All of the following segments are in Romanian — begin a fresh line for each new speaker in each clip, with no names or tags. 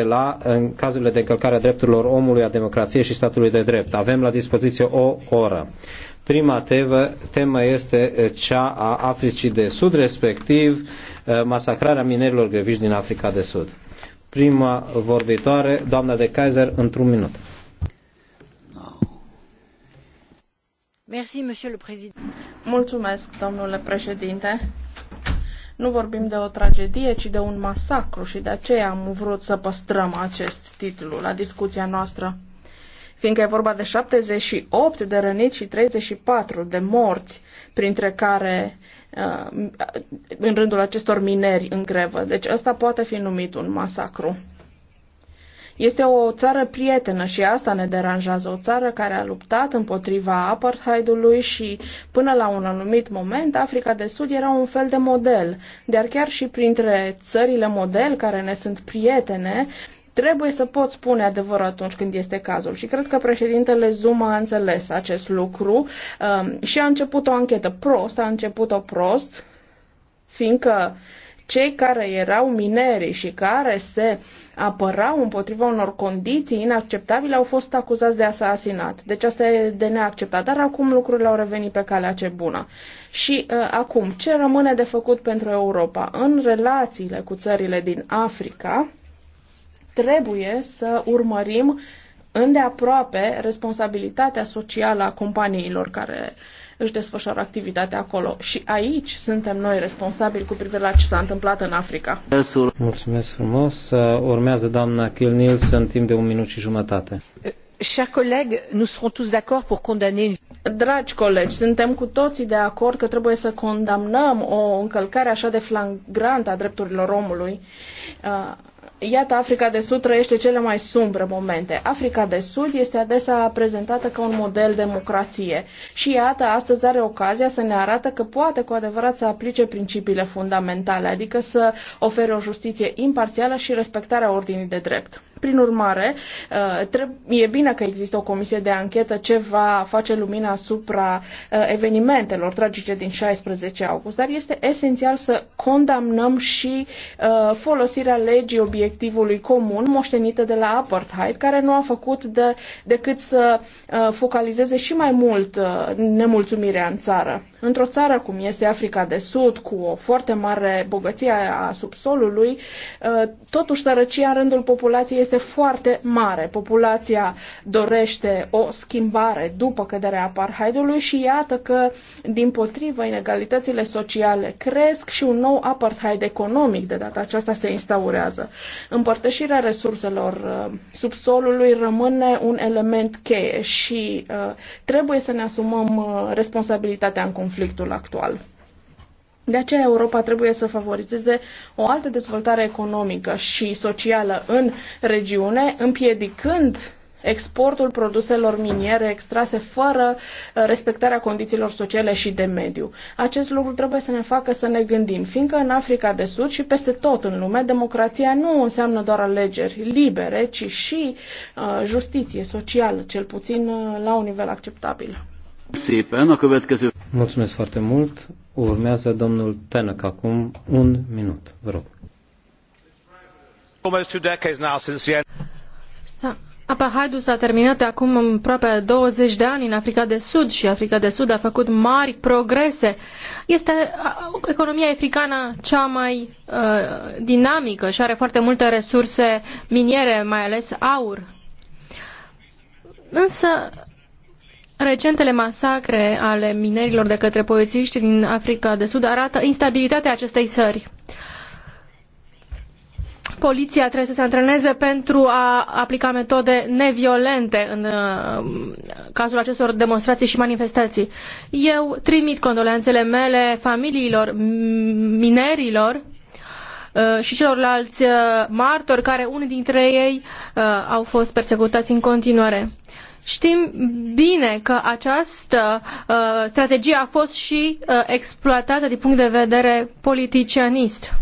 la în cazurile de încălcare a drepturilor omului, a democrației și statului de drept. Avem la dispoziție o oră. Prima tevă, temă este eh, cea a Africii de Sud, respectiv eh, masacrarea minerilor greviși din Africa de Sud. Prima vorbitoare, doamna de Kaiser, într-un minut.
Mulțumesc, domnule președinte nu vorbim de o tragedie, ci de un masacru și de aceea am vrut să păstrăm acest titlu la discuția noastră. Fiindcă e vorba de 78 de răniți și 34 de morți, printre care uh, în rândul acestor mineri în grevă. Deci ăsta poate fi numit un masacru. Este o țară prietenă și asta ne deranjează, o țară care a luptat împotriva apartheidului și până la un anumit moment Africa de Sud era un fel de model, dar chiar și printre țările model care ne sunt prietene, trebuie să pot spune adevărul atunci când este cazul. Și cred că președintele Zuma a înțeles acest lucru um, și a început o anchetă prost, a început-o prost, fiindcă cei care erau mineri și care se apărau împotriva unor condiții inacceptabile au fost acuzați de asasinat. Deci asta e de neacceptat, dar acum lucrurile au revenit pe calea ce bună. Și uh, acum, ce rămâne de făcut pentru Europa? În relațiile cu țările din Africa, trebuie să urmărim îndeaproape responsabilitatea socială a companiilor care își desfășoară activitatea acolo. Și aici suntem noi responsabili cu privire la ce s-a întâmplat în Africa.
Mulțumesc frumos. Urmează doamna Kill Nielsen timp de un minut și jumătate. Eh,
chers collègues, nous serons tous d'accord pour condamner Dragi colegi, suntem cu toții de acord că trebuie să condamnăm o încălcare așa de flagrantă a drepturilor omului. Uh, Iată, Africa de Sud trăiește cele mai sumbre momente. Africa de Sud este adesea prezentată ca un model democrație și iată, astăzi are ocazia să ne arată că poate cu adevărat să aplice principiile fundamentale, adică să ofere o justiție imparțială și respectarea ordinii de drept. Prin urmare, uh, e bine că există o comisie de anchetă ce va face lumina asupra uh, evenimentelor tragice din 16 august, dar este esențial să condamnăm și uh, folosirea legii obiectivului comun moștenită de la apartheid, care nu a făcut de, decât să focalizeze și mai mult nemulțumirea în țară. Într-o țară cum este Africa de Sud, cu o foarte mare bogăție a subsolului, totuși sărăcia în rândul populației este este foarte mare. Populația dorește o schimbare după căderea apartheidului și iată că, din potrivă, inegalitățile sociale cresc și un nou apartheid economic de data aceasta se instaurează. Împărtășirea resurselor uh, subsolului rămâne un element cheie și uh, trebuie să ne asumăm uh, responsabilitatea în conflictul actual. De aceea Europa trebuie să favorizeze o altă dezvoltare economică și socială în regiune, împiedicând exportul produselor miniere extrase fără uh, respectarea condițiilor sociale și de mediu. Acest lucru trebuie să ne facă să ne gândim, fiindcă în Africa de Sud și peste tot în lume, democrația nu înseamnă doar alegeri libere, ci și uh, justiție socială, cel puțin uh, la un nivel acceptabil.
Mulțumesc foarte mult. Urmează domnul Tenăc acum un minut. Vă rog.
Apahaidu s-a terminat acum aproape 20 de ani în Africa de Sud și Africa de Sud a făcut mari progrese. Este economia africană cea mai uh, dinamică și are foarte multe resurse miniere, mai ales aur. Însă Recentele masacre ale minerilor de către polițiști din Africa de Sud arată instabilitatea acestei țări. Poliția trebuie să se antreneze pentru a aplica metode neviolente în uh, cazul acestor demonstrații și manifestații. Eu trimit condoleanțele mele familiilor minerilor uh, și celorlalți uh, martori, care unii dintre ei au fost persecutați în continuare. Știm bine că această uh, strategie a fost și uh, exploatată din punct de vedere politicianist.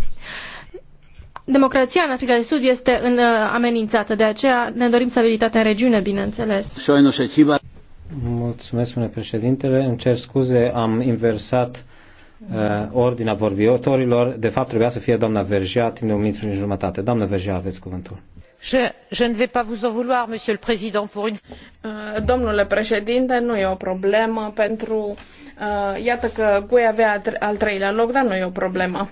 Democrația în Africa de Sud este în, uh, amenințată, de aceea ne dorim stabilitate în regiune, bineînțeles.
Mulțumesc,
domnule președintele. Îmi cer scuze, am inversat uh, ordinea vorbitorilor. De fapt, trebuia să fie doamna Vergiat timp de un minut și jumătate. Doamna Vergea, aveți cuvântul
domnule președinte nu e o problemă pentru eh, iată că gue avea al treilea loc dar nu e o problemă.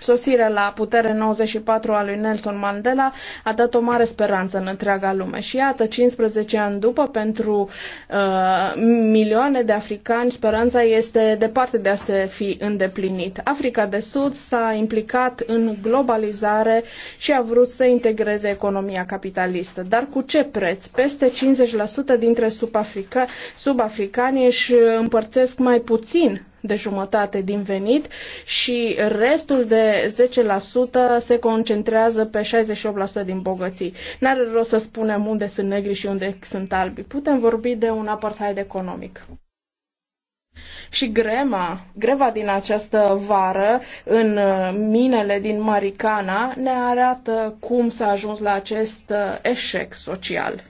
Sosirea la putere 94 a lui Nelson Mandela a dat o mare speranță în întreaga lume și iată, 15 ani după, pentru uh, milioane de africani, speranța este departe de a se fi îndeplinit. Africa de Sud s-a implicat în globalizare și a vrut să integreze economia capitalistă. Dar cu ce preț? Peste 50% dintre subafrica, subafricani își împărțesc mai puțin de jumătate din venit și restul de 10% se concentrează pe 68% din bogății. N-are rost să spunem unde sunt negri și unde sunt albi. Putem vorbi de un apartheid economic. Și grema, greva din această vară în uh, minele din Maricana ne arată cum s-a ajuns la acest uh, eșec social.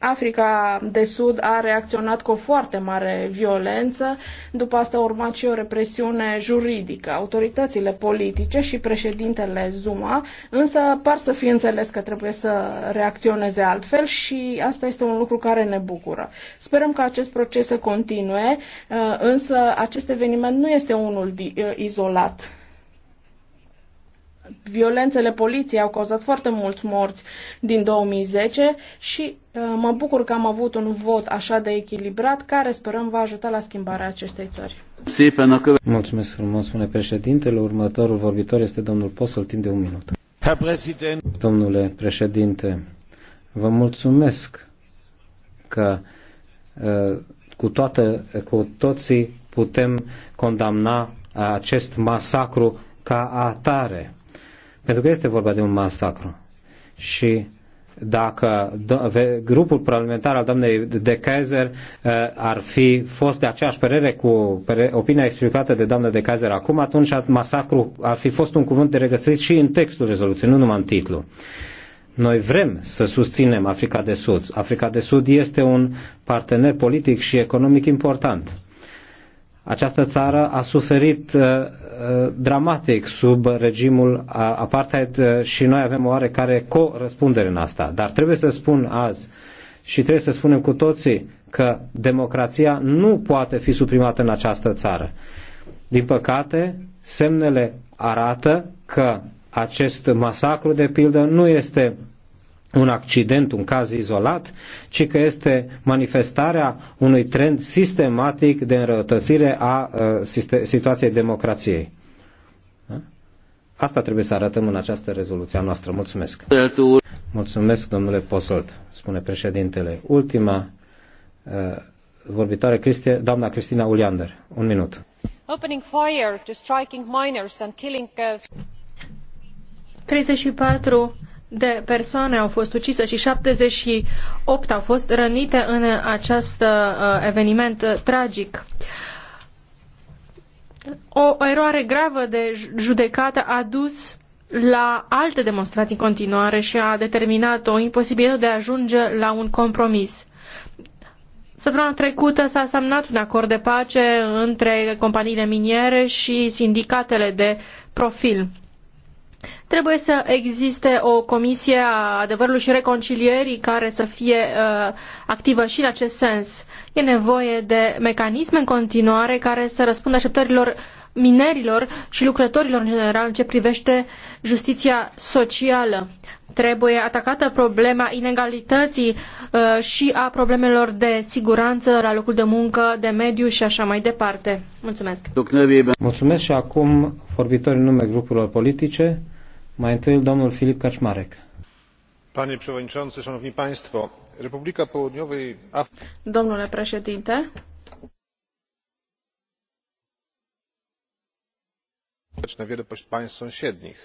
Africa de Sud a reacționat cu o foarte mare violență, după asta a urmat și o represiune juridică. Autoritățile politice și președintele Zuma însă par să fie înțeles că trebuie să reacționeze altfel și asta este un lucru care ne bucură. Sperăm că acest proces să continue, uh, însă acest eveniment nu este unul uh, izolat violențele poliției au cauzat foarte mulți morți din 2010 și uh, mă bucur că am avut un vot așa de echilibrat care sperăm va ajuta la schimbarea acestei țări.
Mulțumesc frumos, spune președintele. Următorul vorbitor este domnul Posol, timp de un minut. Domnule președinte, vă mulțumesc că uh, cu, toată, cu toții putem condamna uh, acest masacru ca atare. Pentru că este vorba de un masacru. Și dacă grupul parlamentar al doamnei de Kaiser uh, ar fi fost de aceeași părere cu opinia explicată de doamna de Kaiser acum, atunci masacru ar fi fost un cuvânt de regăsit și în textul rezoluției, nu numai în titlu. Noi vrem să susținem Africa de Sud. Africa de Sud este un partener politic și economic important. Această țară a suferit uh, uh, dramatic sub regimul apartheid uh, și noi avem o oarecare co-răspundere în asta. Dar trebuie să spun azi și trebuie să spunem cu toții că democrația nu poate fi suprimată în această țară. Din păcate, semnele arată că acest masacru, de pildă, nu este un accident, un caz izolat, ci că este manifestarea unui trend sistematic de înrăutățire a uh, situației democrației. Asta trebuie să arătăm în această rezoluție a noastră. Mulțumesc. Mulțumesc, domnule Posolt, spune președintele. Ultima uh, vorbitoare, Christi, doamna Cristina Uliander. Un minut.
Opening fire to striking minors and killing... 34 uh, de persoane au fost ucise și 78 au fost rănite în acest uh, eveniment uh, tragic. O eroare gravă de judecată a dus la alte demonstrații în continuare și a determinat o imposibilitate de a ajunge la un compromis. Săptămâna trecută s-a semnat un acord de pace între companiile miniere și sindicatele de profil. Trebuie să existe o comisie a adevărului și reconcilierii care să fie uh, activă și în acest sens. E nevoie de mecanisme în continuare care să răspundă așteptărilor minerilor și lucrătorilor în general în ce privește justiția socială. Trebuie atacată problema inegalității uh, și a problemelor de siguranță la locul de muncă, de mediu și așa mai departe. Mulțumesc!
Mulțumesc și acum vorbitorii nume grupurilor politice. Mai întâi domnul Filip Kaczmarek.
Panie przewodniczący, szanowni państwo, Republica Południowej
Domnule președinte,
na wiele państw sąsiednich.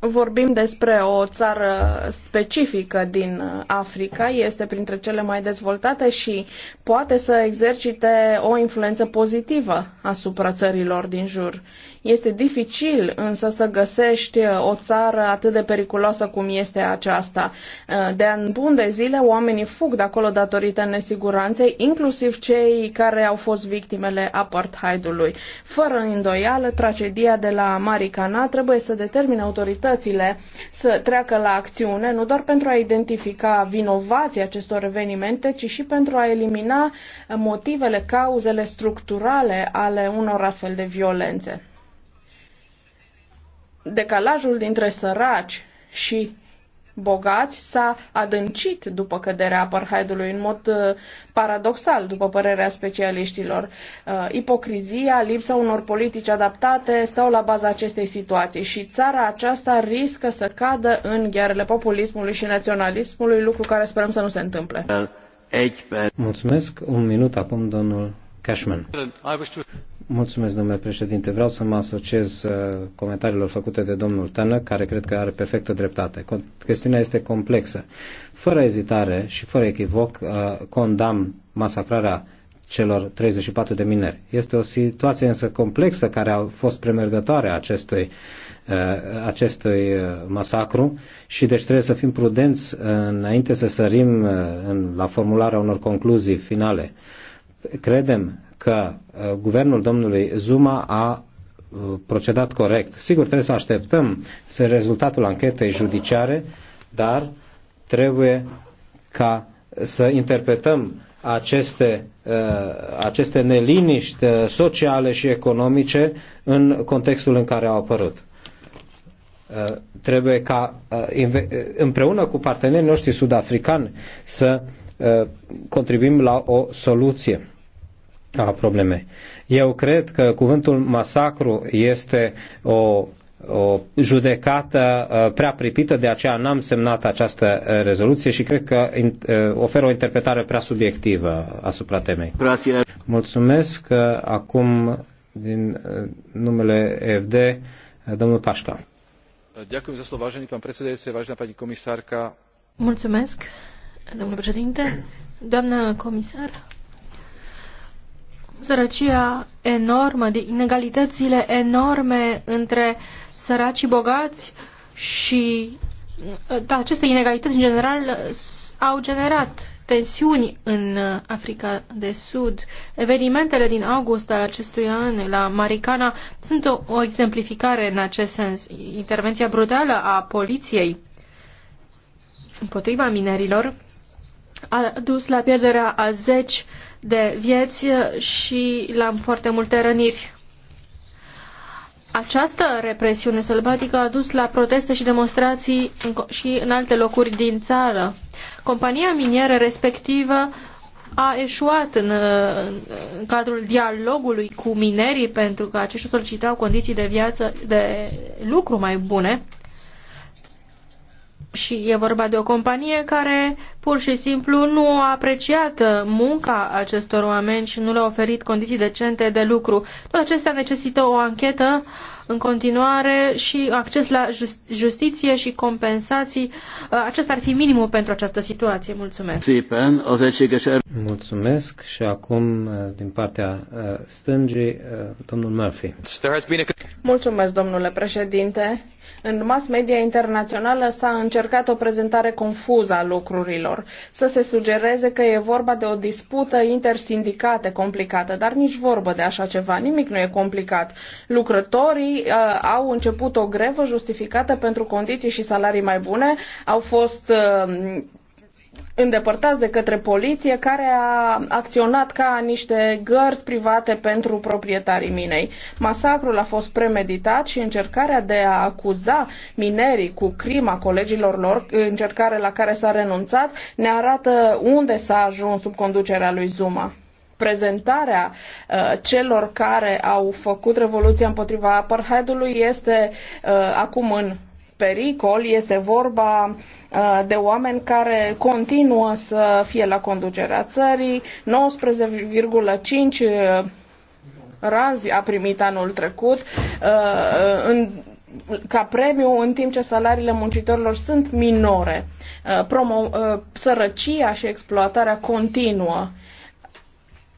Vorbim despre o țară specifică din Africa, este printre cele mai dezvoltate și poate să exercite o influență pozitivă asupra țărilor din jur. Este dificil însă să găsești o țară atât de periculoasă cum este aceasta. De în bun de zile oamenii fug de acolo datorită nesiguranței, inclusiv cei care au fost victimele apartheidului. Fără îndoială, tragedia de la Maricana trebuie să determine autoritățile autoritățile să treacă la acțiune, nu doar pentru a identifica vinovații acestor evenimente, ci și pentru a elimina motivele, cauzele structurale ale unor astfel de violențe. Decalajul dintre săraci și bogați s-a adâncit după căderea apartheidului în mod uh, paradoxal, după părerea specialiștilor. Uh, ipocrizia, lipsa unor politici adaptate stau la baza acestei situații și țara aceasta riscă să cadă în ghearele populismului și naționalismului, lucru care sperăm să nu se întâmple.
Mulțumesc. Un minut acum, domnul Cashman. Mulțumesc, domnule președinte. Vreau să mă asociez uh, comentariilor făcute de domnul Tănă, care cred că are perfectă dreptate. Chestiunea este complexă. Fără ezitare și fără echivoc, uh, condamn masacrarea celor 34 de mineri. Este o situație însă complexă care a fost premergătoare acestui, uh, acestui masacru și deci trebuie să fim prudenți înainte să sărim la formularea unor concluzii finale. Credem că uh, guvernul domnului Zuma a uh, procedat corect. Sigur, trebuie să așteptăm rezultatul anchetei judiciare, dar trebuie ca să interpretăm aceste, uh, aceste neliniști sociale și economice în contextul în care au apărut. Trebuie ca împreună cu partenerii noștri sud-africani să contribuim la o soluție a problemei. Eu cred că cuvântul masacru este o o judecată uh, prea pripită, de aceea n-am semnat această uh, rezoluție și cred că uh, oferă o interpretare prea subiectivă asupra temei. Grazie. Mulțumesc. Acum, din numele FD, domnul Pașca.
Mulțumesc, domnule președinte. Doamnă comisar, sărăcia enormă, de inegalitățile enorme între săraci și bogați și da, aceste inegalități în general au generat tensiuni în Africa de Sud. Evenimentele din august al acestui an la Maricana sunt o, o exemplificare în acest sens. Intervenția brutală a poliției împotriva minerilor a dus la pierderea a zeci de vieți și la foarte multe răniri. Această represiune sălbatică a dus la proteste și demonstrații și în alte locuri din țară. Compania minieră respectivă a eșuat în, în cadrul dialogului cu minerii pentru că aceștia solicitau condiții de viață, de lucru mai bune și e vorba de o companie care pur și simplu nu a apreciat munca acestor oameni și nu le-a oferit condiții decente de lucru. Toate acestea necesită o anchetă în continuare și acces la justiție și compensații. Acesta ar fi minimul pentru această situație. Mulțumesc.
Er-
Mulțumesc și acum din partea uh, stângii, uh, domnul Murphy.
Mulțumesc, domnule președinte în mass media internațională s-a încercat o prezentare confuză a lucrurilor, să se sugereze că e vorba de o dispută intersindicată complicată, dar nici vorbă de așa ceva, nimic nu e complicat. Lucrătorii uh, au început o grevă justificată pentru condiții și salarii mai bune, au fost uh, îndepărtați de către poliție care a acționat ca niște gărzi private pentru proprietarii minei. Masacrul a fost premeditat și încercarea de a acuza minerii cu crima colegilor lor, încercare la care s-a renunțat, ne arată unde s-a ajuns sub conducerea lui Zuma prezentarea uh, celor care au făcut revoluția împotriva apartheidului este uh, acum în pericol, este vorba uh, de oameni care continuă să fie la conducerea țării. 19,5 uh, razi a primit anul trecut uh, în ca premiu, în timp ce salariile muncitorilor sunt minore. Promo, sărăcia și exploatarea continuă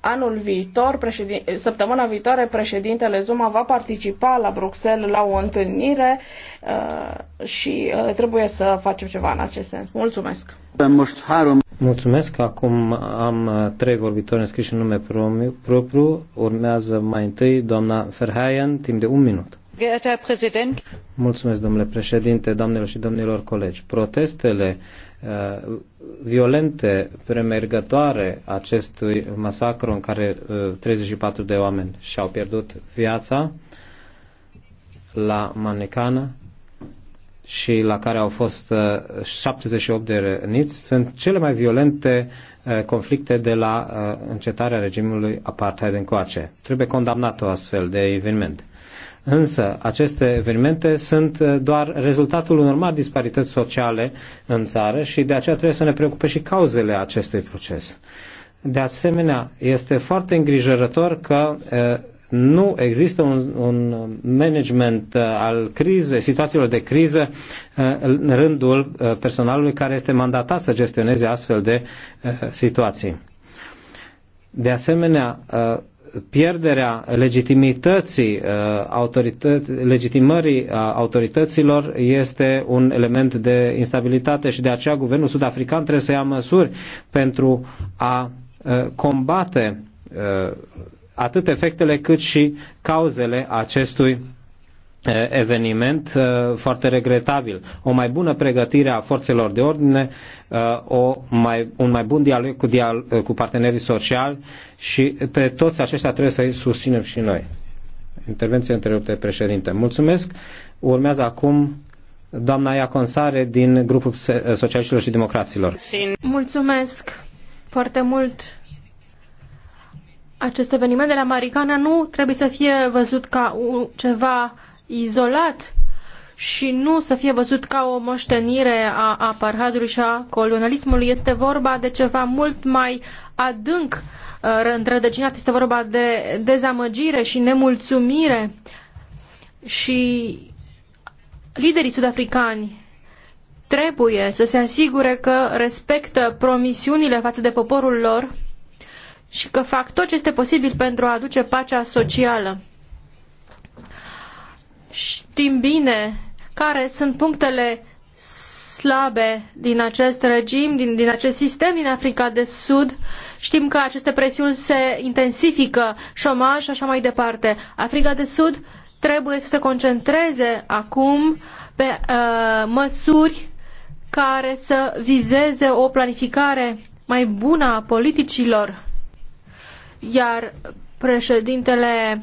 Anul viitor, președin... săptămâna viitoare, președintele Zuma va participa la Bruxelles la o întâlnire uh, și uh, trebuie să facem ceva în acest sens. Mulțumesc!
Mulțumesc! Acum am uh, trei vorbitori înscriși în nume propriu. Urmează mai întâi doamna Ferhaien, timp de un minut.
Geehrter Präsident!
Mulțumesc, domnule președinte, doamnelor și domnilor colegi. Protestele uh, violente, premergătoare acestui masacru în care uh, 34 de oameni și-au pierdut viața la Manecană și la care au fost uh, 78 de răniți, sunt cele mai violente uh, conflicte de la uh, încetarea regimului apartheid încoace. Trebuie condamnat o astfel de eveniment. Însă, aceste evenimente sunt uh, doar rezultatul unor mari disparități sociale în țară și de aceea trebuie să ne preocupe și cauzele acestui proces. De asemenea, este foarte îngrijorător că uh, nu există un, un management uh, al crizei, situațiilor de criză în rândul personalului care este mandatat să gestioneze astfel de situații. De asemenea, pierderea legitimității uh, autorități, legitimării uh, autorităților este un element de instabilitate și de aceea guvernul sud-african trebuie să ia măsuri pentru a uh, combate atât efectele cât și cauzele acestui eveniment foarte regretabil. O mai bună pregătire a forțelor de ordine, o mai, un mai bun dialog cu, dial, cu partenerii sociali și pe toți aceștia trebuie să îi susținem și noi. Intervenție întreruptă de președinte. Mulțumesc. Urmează acum doamna Iaconsare din grupul Socialiștilor și Democraților.
Mulțumesc foarte mult. Acest eveniment de la Maricana nu trebuie să fie văzut ca ceva izolat și nu să fie văzut ca o moștenire a aparhadului și a colonialismului. Este vorba de ceva mult mai adânc uh, întrădăcinat, este vorba de dezamăgire și nemulțumire și liderii sudafricani trebuie să se asigure că respectă promisiunile față de poporul lor și că fac tot ce este posibil pentru a aduce pacea socială. Știm bine care sunt punctele slabe din acest regim, din, din acest sistem din Africa de Sud. Știm că aceste presiuni se intensifică, șomaj și așa mai departe. Africa de Sud trebuie să se concentreze acum pe uh, măsuri care să vizeze o planificare mai bună a politicilor. Iar președintele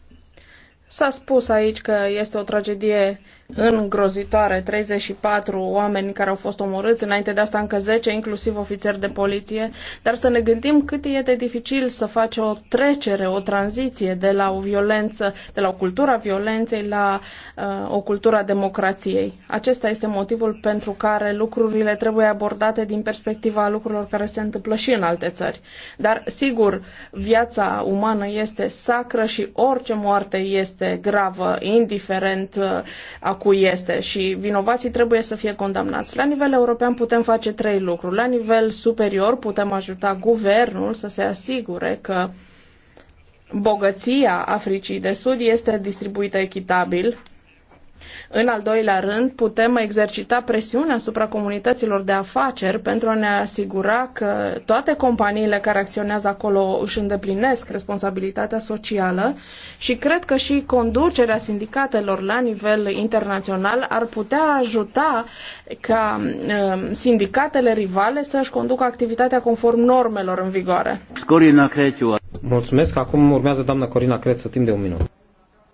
S-a spus aici că este o tragedie îngrozitoare, 34 oameni care au fost omorâți, înainte de asta încă 10, inclusiv ofițeri de poliție, dar să ne gândim cât e de dificil să faci o trecere, o tranziție de la o violență, de la o cultură a violenței la uh, o cultură a democrației. Acesta este motivul pentru care lucrurile trebuie abordate din perspectiva lucrurilor care se întâmplă și în alte țări. Dar, sigur, viața umană este sacră și orice moarte este gravă, indiferent uh, a cui este și vinovații trebuie să fie condamnați. La nivel european putem face trei lucruri. La nivel superior putem ajuta guvernul să se asigure că bogăția Africii de Sud este distribuită echitabil în al doilea rând, putem exercita presiune asupra comunităților de afaceri pentru a ne asigura că toate companiile care acționează acolo își îndeplinesc responsabilitatea socială și cred că și conducerea sindicatelor la nivel internațional ar putea ajuta ca um, sindicatele rivale să-și conducă activitatea conform normelor în vigoare.
Corina Crețu. Mulțumesc. Acum urmează doamna Corina Crețu, timp de un minut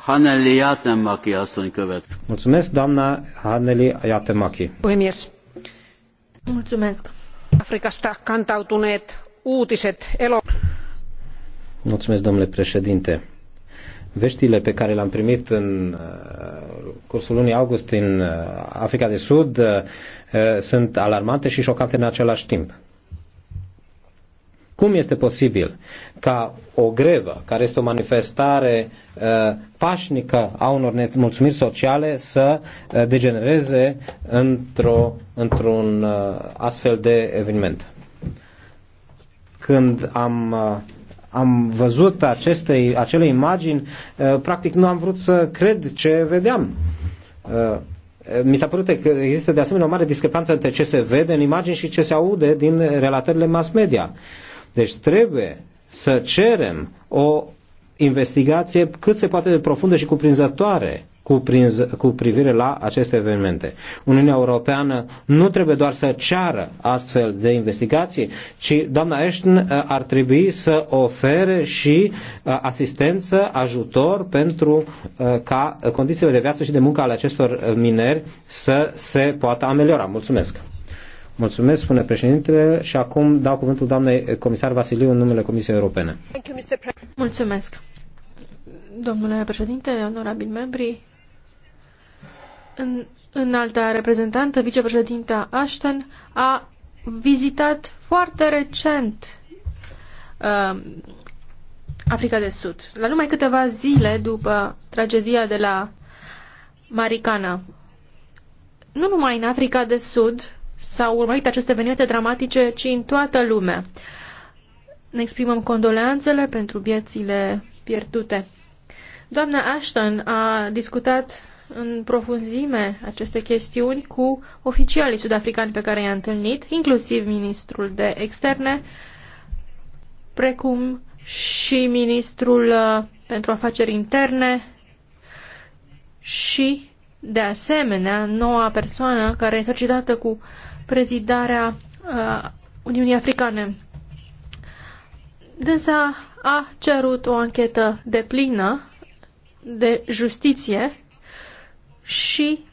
Haneli Jatemaki asszony követ.
Mulțumesc, doamna Haneli Jatemaki.
Puhemies.
Mulțumesc. Afrikasta kantautuneet uutiset elo...
Mulțumesc, domnule președinte. Veștile pe care le-am primit în uh, cursul lunii august în uh, Africa de Sud uh, sunt alarmante și șocante în același timp cum este posibil ca o grevă, care este o manifestare uh, pașnică a unor nemulțumiri sociale, să uh, degenereze într-o, într-un uh, astfel de eveniment? Când am, uh, am văzut aceste, acele imagini, uh, practic nu am vrut să cred ce vedeam. Uh, mi s-a părut că există de asemenea o mare discrepanță între ce se vede în imagini și ce se aude din relatările mass media. Uh, deci trebuie să cerem o investigație cât se poate de profundă și cuprinzătoare cuprinz, cu privire la aceste evenimente. Uniunea Europeană nu trebuie doar să ceară astfel de investigații, ci doamna Ashton ar trebui să ofere și uh, asistență, ajutor pentru uh, ca condițiile de viață și de muncă ale acestor uh, mineri să se poată ameliora. Mulțumesc! Mulțumesc, spune președintele, și acum dau cuvântul doamnei comisar Vasiliu în numele Comisiei Europene.
Mulțumesc. Domnule președinte, onorabili membri, în, în alta reprezentantă, vicepreședinta Ashton, a vizitat foarte recent uh, Africa de Sud, la numai câteva zile după tragedia de la Maricana. Nu numai în Africa de Sud, s-au urmărit aceste evenimente dramatice, ci în toată lumea. Ne exprimăm condoleanțele pentru viețile pierdute. Doamna Ashton a discutat în profunzime aceste chestiuni cu oficialii sudafricani pe care i-a întâlnit, inclusiv ministrul de externe, precum și ministrul uh, pentru afaceri interne și, de asemenea, noua persoană care e cercetată cu prezidarea uh, Uniunii Africane. Dânsa a cerut o anchetă deplină de justiție și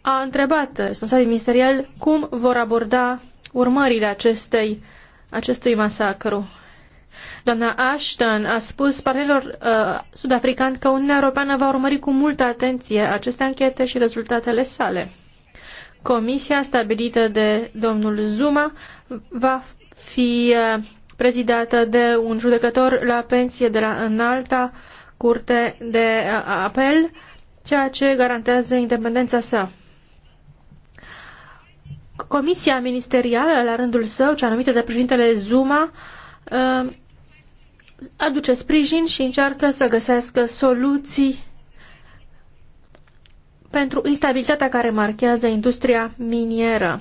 a întrebat responsabilii ministerial cum vor aborda urmările acestei, acestui masacru. Doamna Ashton a spus partenerilor uh, sud-africani că Uniunea Europeană va urmări cu multă atenție aceste anchete și rezultatele sale. Comisia stabilită de domnul Zuma va fi uh, prezidată de un judecător la pensie de la înalta curte de uh, apel, ceea ce garantează independența sa. Comisia ministerială, la rândul său, cea numită de președintele Zuma, uh, aduce sprijin și încearcă să găsească soluții pentru instabilitatea care marchează industria minieră.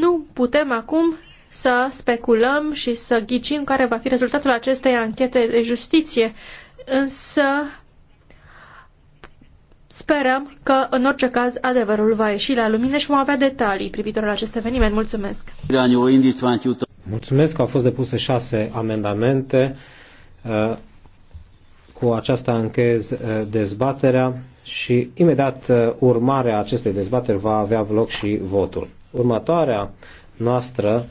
Nu putem acum să speculăm și să ghicim care va fi rezultatul acestei anchete de justiție, însă sperăm că, în orice caz, adevărul va ieși la lumină și vom avea detalii privitor la acest eveniment. Mulțumesc!
Mulțumesc că au fost depuse șase amendamente. Cu aceasta închez uh, dezbaterea și imediat uh, urmarea acestei dezbateri va avea loc și votul. Următoarea noastră